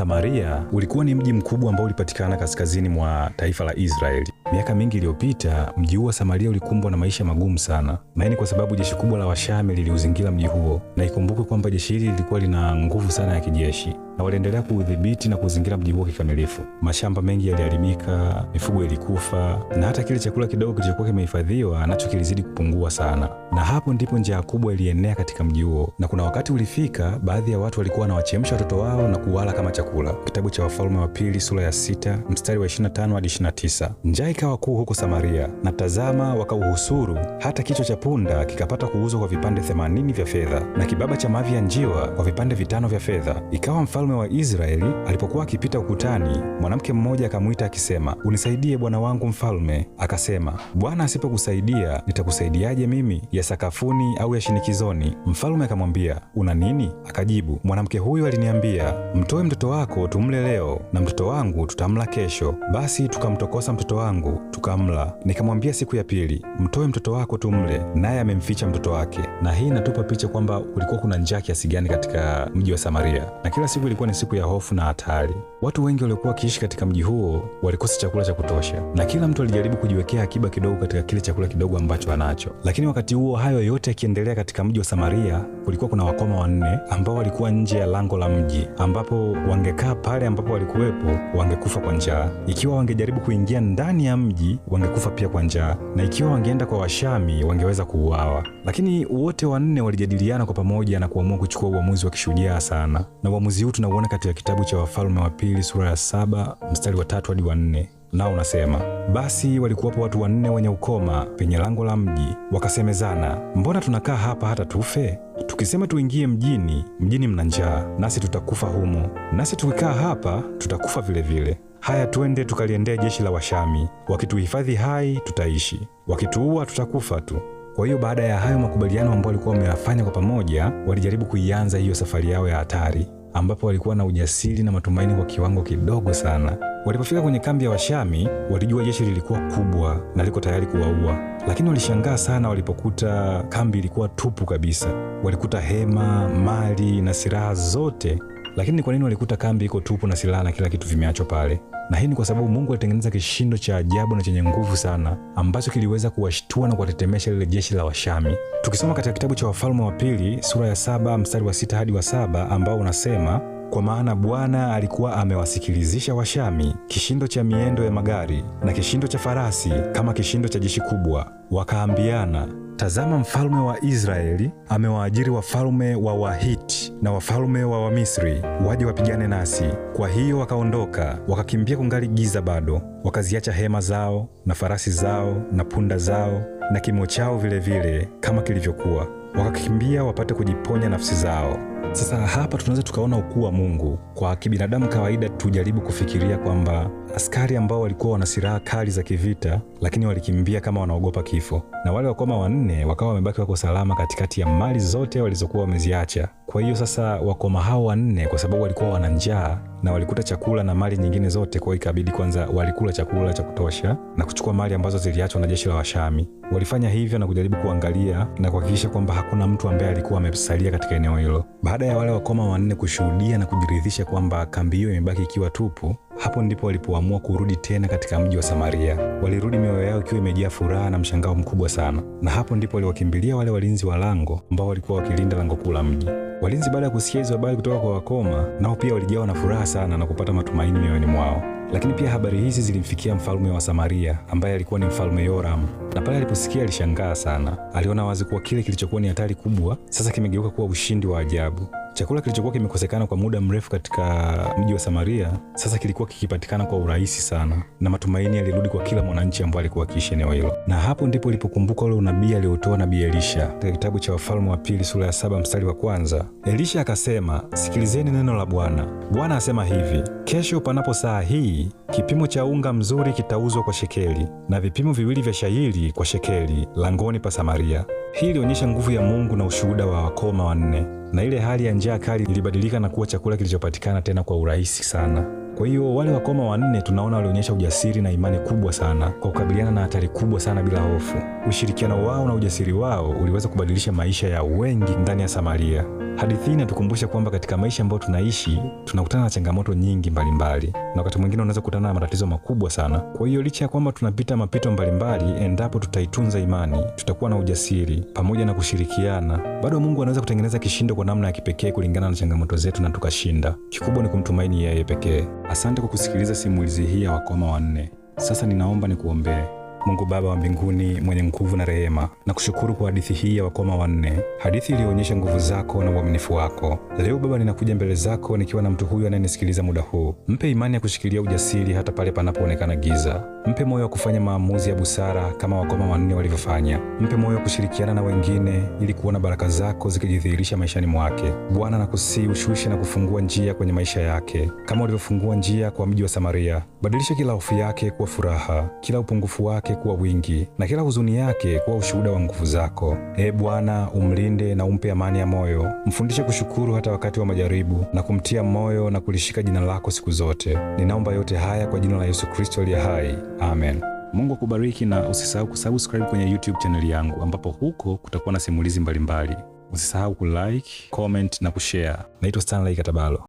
Samaria ulikuwa ni mji mkubwa ambao ulipatikana kaskazini mwa taifa la Israeli. Miaka mingi iliyopita, mji huu wa Samaria ulikumbwa na maisha magumu sana. maana kwa sababu jeshi kubwa la Washami liliuzingira mji huo, na ikumbukwe kwamba jeshi hili lilikuwa lina nguvu sana ya kijeshi na waliendelea kuudhibiti na kuzingira mji huo kikamilifu. Mashamba mengi yaliharibika, mifugo ilikufa, na hata kile chakula kidogo kilichokuwa kimehifadhiwa nacho kilizidi kupungua sana. Na hapo ndipo njaa kubwa ilienea katika mji huo, na kuna wakati ulifika, baadhi ya watu walikuwa wanawachemsha watoto wao na kuwala kama chakula. Kitabu cha Wafalme wa Pili sura ya sita mstari wa 25 hadi 29. Njaa ikawa kuu huko Samaria, na tazama, wakauhusuru hata kichwa cha punda kikapata kuuzwa kwa vipande 80 vya fedha, na kibaba cha mavi ya njiwa kwa vipande vitano vya fedha. Ikawa mfalme mfalme wa Israeli alipokuwa akipita ukutani, mwanamke mmoja akamwita akisema, unisaidie bwana wangu mfalme. Akasema, Bwana asipokusaidia nitakusaidiaje mimi, ya sakafuni au ya shinikizoni? Mfalme akamwambia, una nini? Akajibu, mwanamke huyu aliniambia, mtoe mtoto wako tumle leo, na mtoto wangu tutamla kesho. Basi tukamtokosa mtoto wangu tukamla. Nikamwambia siku ya pili, mtoe mtoto wako tumle, naye amemficha mtoto wake. Na hii inatupa picha kwamba ulikuwa kuna njaa kiasi gani katika mji wa Samaria, na kila siku ilikuwa ni siku ya hofu na hatari. Watu wengi waliokuwa wakiishi katika mji huo walikosa chakula cha kutosha, na kila mtu alijaribu kujiwekea akiba kidogo katika kile chakula kidogo ambacho anacho. Lakini wakati huo hayo yote yakiendelea, katika mji wa Samaria kulikuwa kuna wakoma wanne ambao walikuwa nje ya lango la mji, ambapo wangekaa pale ambapo walikuwepo wangekufa kwa njaa. Ikiwa wangejaribu kuingia ndani ya mji, wangekufa pia kwa njaa, na ikiwa wangeenda kwa Washami wangeweza kuuawa. Lakini wote wanne walijadiliana kwa pamoja na kuamua kuchukua uamuzi wa kishujaa sana, na uamuzi huu tunauona katika kitabu cha Wafalme wa Pili sura ya saba mstari wa tatu hadi wa nne nao unasema basi, walikuwapo watu wanne wenye ukoma penye lango la mji, wakasemezana, mbona tunakaa hapa hata tufe? Tukisema tuingie mjini, mjini mna njaa, nasi tutakufa humo, nasi tukikaa hapa tutakufa vilevile vile. Haya, twende tukaliendea jeshi la Washami, wakituhifadhi hai tutaishi, wakituua tutakufa tu. Kwa hiyo baada ya hayo makubaliano ambayo walikuwa wameyafanya kwa pamoja, walijaribu kuianza hiyo safari yao ya hatari, ambapo walikuwa na ujasiri na matumaini kwa kiwango kidogo sana. Walipofika kwenye kambi ya Washami, walijua jeshi lilikuwa kubwa na liko tayari kuwaua, lakini walishangaa sana walipokuta kambi ilikuwa tupu kabisa. Walikuta hema, mali na silaha zote lakini kwa nini walikuta kambi iko tupu na silaha na kila kitu vimeachwa pale? Na hii ni kwa sababu Mungu alitengeneza kishindo cha ajabu na chenye nguvu sana ambacho kiliweza kuwashtua na kuwatetemesha lile jeshi la Washami. Tukisoma katika kitabu cha Wafalme wa Pili sura ya saba mstari wa sita hadi wa saba ambao unasema kwa maana Bwana alikuwa amewasikilizisha Washami kishindo cha miendo ya magari na kishindo cha farasi kama kishindo cha jeshi kubwa, wakaambiana, tazama, mfalme wa Israeli amewaajiri wafalme wa Wahiti na wafalme wa Wamisri waje wapigane nasi. Kwa hiyo wakaondoka wakakimbia kungali giza bado, wakaziacha hema zao na farasi zao na punda zao na kimo chao vilevile, kama kilivyokuwa wakakimbia wapate kujiponya nafsi zao. Sasa hapa tunaweza tukaona ukuu wa Mungu. Kwa kibinadamu kawaida, tujaribu kufikiria kwamba askari ambao walikuwa wana silaha kali za kivita, lakini walikimbia kama wanaogopa kifo, na wale wakoma wanne wakawa wamebaki wako salama katikati ya mali zote walizokuwa wameziacha. Kwa hiyo sasa wakoma hao wanne, kwa sababu walikuwa wana njaa na walikuta chakula na mali nyingine zote. Kwa ikabidi kwanza walikula chakula cha kutosha na kuchukua mali ambazo ziliachwa na jeshi la Washami. Walifanya hivyo na kujaribu kuangalia na kuhakikisha kwamba hakuna mtu ambaye alikuwa amesalia katika eneo hilo. Baada ya wale wakoma wanne kushuhudia na kujiridhisha kwamba kambi hiyo imebaki ikiwa tupu, hapo ndipo walipoamua kurudi tena katika mji wa Samaria. Walirudi mioyo yao ikiwa imejaa furaha na mshangao mkubwa sana, na hapo ndipo waliwakimbilia wale walinzi wa lango ambao walikuwa wakilinda lango kuu la mji. Walinzi baada ya kusikia hizo habari kutoka kwa wakoma, nao pia walijawa na furaha sana na kupata matumaini mioyoni mwao. Lakini pia habari hizi zilimfikia mfalme wa Samaria ambaye alikuwa ni mfalme Yoram, na pale aliposikia alishangaa sana. Aliona wazi kuwa kile kilichokuwa ni hatari kubwa sasa kimegeuka kuwa ushindi wa ajabu. Chakula kilichokuwa kimekosekana kwa muda mrefu katika mji wa Samaria sasa kilikuwa kikipatikana kwa urahisi sana, na matumaini yalirudi kwa kila mwananchi ambaye alikuwa akiishi eneo hilo. Na hapo ndipo ilipokumbuka ule unabii aliotoa nabii Elisha katika kitabu cha Wafalme wa Pili sura ya saba mstari wa kwanza. Elisha akasema, sikilizeni neno la Bwana. Bwana asema hivi, kesho panapo saa hii kipimo cha unga mzuri kitauzwa kwa shekeli na vipimo viwili vya shayiri kwa shekeli langoni pa Samaria. Hii ilionyesha nguvu ya Mungu na ushuhuda wa wakoma wanne na ile hali ya njaa kali ilibadilika na kuwa chakula kilichopatikana tena kwa urahisi sana. Kwa hiyo wale wakoma wanne tunaona walionyesha ujasiri na imani kubwa sana kwa kukabiliana na hatari kubwa sana bila hofu. Ushirikiano wao na ujasiri wao uliweza kubadilisha maisha ya wengi ndani ya Samaria. Hadithi inatukumbusha kwamba katika maisha ambayo tunaishi tunakutana na changamoto nyingi mbalimbali mbali, na wakati mwingine unaweza kukutana na matatizo makubwa sana. Kwa hiyo licha ya kwamba tunapita mapito mbalimbali mbali, endapo tutaitunza imani, tutakuwa na ujasiri pamoja na kushirikiana, bado Mungu anaweza kutengeneza kishindo kwa namna ya kipekee kulingana na changamoto zetu na tukashinda. Kikubwa ni kumtumaini yeye pekee. Asante kwa kusikiliza simulizi hii ya Wakoma Wanne. Sasa ninaomba nikuombee. Mungu Baba wa mbinguni mwenye nguvu na rehema, na kushukuru kwa hadithi hii ya wakoma wanne, hadithi iliyoonyesha nguvu zako na uaminifu wako. Leo Baba, ninakuja mbele zako nikiwa na mtu huyu anayenisikiliza muda huu. Mpe imani ya kushikilia ujasiri hata pale panapoonekana giza. Mpe moyo wa kufanya maamuzi ya busara kama wakoma wanne walivyofanya. Mpe moyo wa kushirikiana na wengine ili kuona baraka zako zikijidhihirisha maishani mwake. Bwana, nakusihi ushushe na kufungua njia kwenye maisha yake, kama ulivyofungua njia kwa mji wa Samaria. Badilisha kila hofu yake kuwa furaha, kila upungufu wake wake kuwa wingi na kila huzuni yake kuwa ushuhuda wa nguvu zako. Ee Bwana, umlinde na umpe amani ya moyo, mfundishe kushukuru hata wakati wa majaribu, na kumtia moyo na kulishika jina lako siku zote. Ninaomba yote haya kwa jina la Yesu Kristo aliye hai, amen. Mungu akubariki na usisahau kusubscribe kwenye YouTube chaneli yangu, ambapo huko kutakuwa na simulizi mbalimbali. Usisahau kulike, comment na kushare. Naitwa Stanley Katabalo.